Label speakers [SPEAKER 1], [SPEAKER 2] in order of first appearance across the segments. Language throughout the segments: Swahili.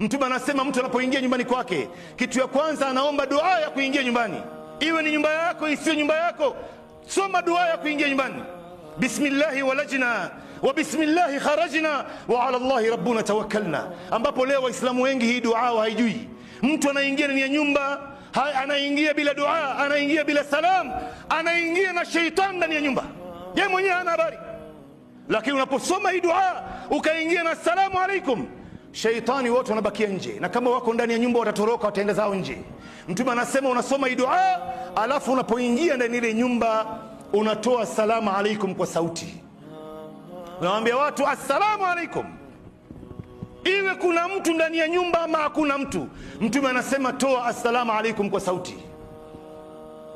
[SPEAKER 1] Mtume anasema mtu anapoingia nyumbani kwake, kitu ya kwanza anaomba dua ya kuingia nyumbani, iwe ni nyumba yako isiyo nyumba yako, soma dua ya kuingia nyumbani, bismillahi walajna wa bismillahi kharajna wa ala llahi rabbuna tawakkalna, ambapo leo Waislamu wengi hii dua haijui. Mtu anaingia ndani ya nyumba anaingia bila dua, anaingia bila salam, anaingia na sheitani ndani ya nyumba, yeye mwenyewe hana habari. Lakini unaposoma hii dua ukaingia na salamu alaikum shaitani wote wanabakia nje, na kama wako ndani ya nyumba watatoroka, wataenda zao nje. Mtume anasema unasoma hii dua, alafu unapoingia ndani ile nyumba unatoa salamu alaikum kwa sauti, unawaambia watu assalamu alaikum, iwe kuna mtu ndani ya nyumba ama hakuna mtu. Mtume anasema toa assalamu alaikum kwa sauti.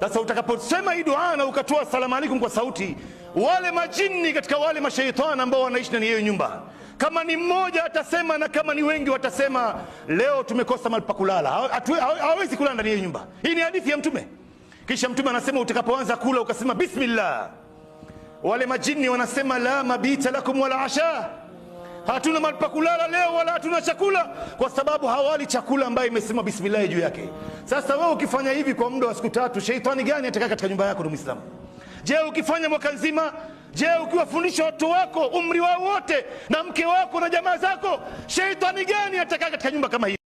[SPEAKER 1] Sasa utakaposema hii dua na ukatoa assalamu alaikum kwa sauti, wale majini katika wale masheitani ambao wanaishi ndani ya hiyo nyumba kama ni mmoja atasema na kama ni wengi watasema, leo tumekosa mahali pa kulala. Hawezi kulala ndani ya nyumba hii. Ni hadithi ya Mtume. Kisha Mtume anasema, utakapoanza kula ukasema bismillah, wale majini wanasema la mabita lakum wala asha, hatuna mahali pa kulala leo wala hatuna chakula, kwa sababu hawali chakula ambayo imesema bismillah juu yake. Sasa wewe ukifanya hivi kwa muda wa siku tatu, sheitani gani atakaa katika nyumba yako? Muislamu, je, ukifanya mwaka nzima Je, ukiwafundisha watoto wako umri wao wote na mke wako na jamaa zako, sheitani gani atakaa katika nyumba kama hii?